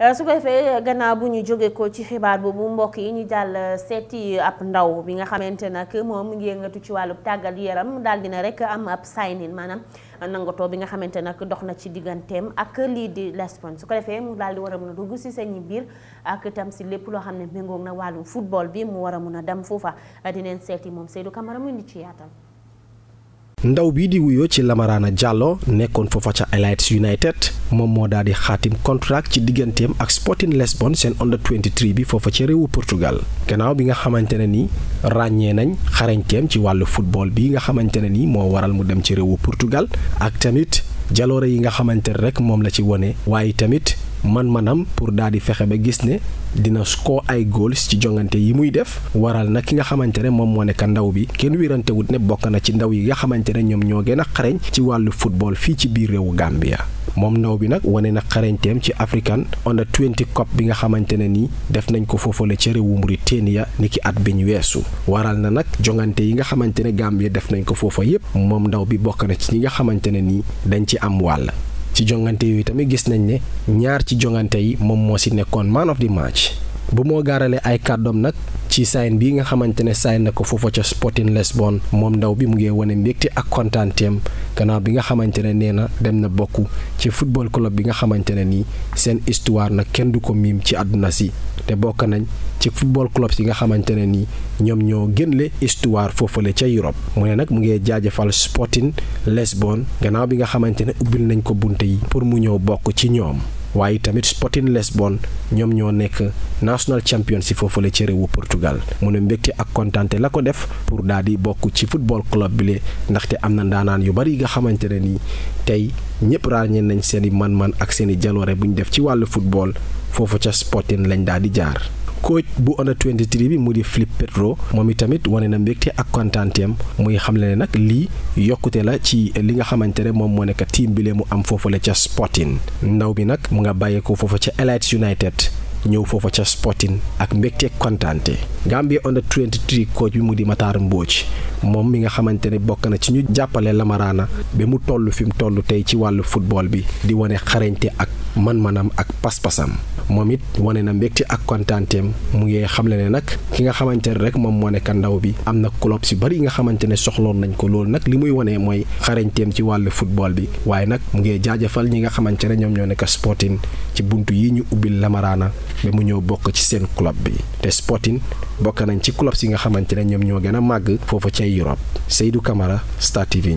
Euh, su ko defee gannaaw bu ñu jógee ko ci xibaar boobu mbokk yi ñu jàll seeti ab ndaw bi nga xamante nag moom mu ngi yëngatu ci wàllu tàggat yaram daal dina rek am ab signing maanaam nangatoo bi nga xamante nag dox na ci digganteem ak lii di Lespon su ko defee mu daal di war a mun a dugg si seen biir ak itam si lépp loo xam ne méngoog na wàllu football bi mu war a mun a dem foofa dineen seeti moom Seydou Camara mu indi ci yaatal. ndaw bii di wuyoo ci lamaraana Diallo nekkoon foofa ca El Hadj United moom moo daal di xaatim contract ci digganteem ak Sporting Lisbon seen under 23 bi foofa ca réewu Portugal gannaaw bi nga xamante ne ni ràññee nañ xarañteem ci wàllu football bi nga xamante ne ni moo waral mu dem ci réewu Portugal ak tamit jaloore yi nga xamante ne rek moom la ci wone waaye tamit. man-manam pour daal di fexe ba gis ne dina score ay goals ci jongante yi muy def waral na ki nga xamante ne moom moo nekk ndaw bi kenn wirantewut ne bokk na ci ndaw yi nga xamante ne ñoom ñoo gën a xareñ ci wàllu football fii ci biir réewu Gambia. moom ndaw bi nag wane na xarañteem ci African Under 20 Cup bi nga xamante ne nii def nañ ko foofale ca réewu Mauritania ni ki at bi ñu weesu waral na nag jongante yi nga xamante ne Gambia def nañ ko foofa yépp moom ndaw bi bokk na ci ñi nga xamante ne nii dañ ci am wàll jongante yooyu gis nañ ne ñaar ci jongante yi moom moo si nekkoon man of the bu moo gaaralee ay kàddoom nag ci sign bi nga xamante ne sign na ko foofa ca Sporting Lisbon moom ndaw bi mu ngi wane mbégte ak kontaanteem gannaaw bi nga xamante ne nee na dem na bokk ci football club bi nga xamante ne nii seen histoire nag kenn du ko miim ci àdduna si te bokk nañ ci football club yi nga xamante ne nii ñoom ñoo gënle histoire foofale ca Europe mu ne nag mu ngi jaajëfal Sporting Lisbon gannaaw bi nga xamante ne ubbil nañ ko bunte yi pour mu ñëw bokk ci ñoom. waaye tamit Sporting Lisbonne ñoom ñoo nekk national champion si la cere wu Portugal mu ne mbégte ak kontaante la ko def pour daal di bokk ci football club bi le ndaxte am na ndaanaan yu bari yi nga xamante ne nii tey ñëpp ràññee nañ seen i man-man ak seen i jaloore bu ñu def ci wàll football foofu ca Sporting lañ daal di jaar. coach bu under 23 bi mu di Philippe Petro moom itamit wane na mbégte ak kontaanteem muy xamle ne nag lii yokkute la ci li nga xamante ne moom moo nekk tiim bilee mu am foofu la ca Sporting ndaw bi nag mu nga bàyyeekoo foofa ca Elites United. ñëw foofa ca Sporting ak mbégte kontaante Gambia under 23 coach bi mu di Matar Mbodj moom mi nga xamante ne bokk na ci ñu jàppale lamaraana ba mu toll fi mu toll tey ci wàllu football bi di wane xarañte ak man-manam ak pas-pasam moom it wane na mbégte ak kontaanteem mu ngi xamle ne nag ki nga xamante ne rek moom moo nekka ndaw bi am na club si bari yi nga xamante ne soxloon nañ ko loolu nag li muy wane mooy xarañteem ci wàll football bi waaye nag mu ngi jaajëfal ñi nga xamante ne ñoom ñoo nekk Sporting ci bunt yi ñu ubbil lamaraana ba mu ñëw bokk ci seen club bi te Sporting bokk nañ ci club yi nga xamante ne ñoom ñoo gën a màgg foofu ca Europe Seydou kamara Star TV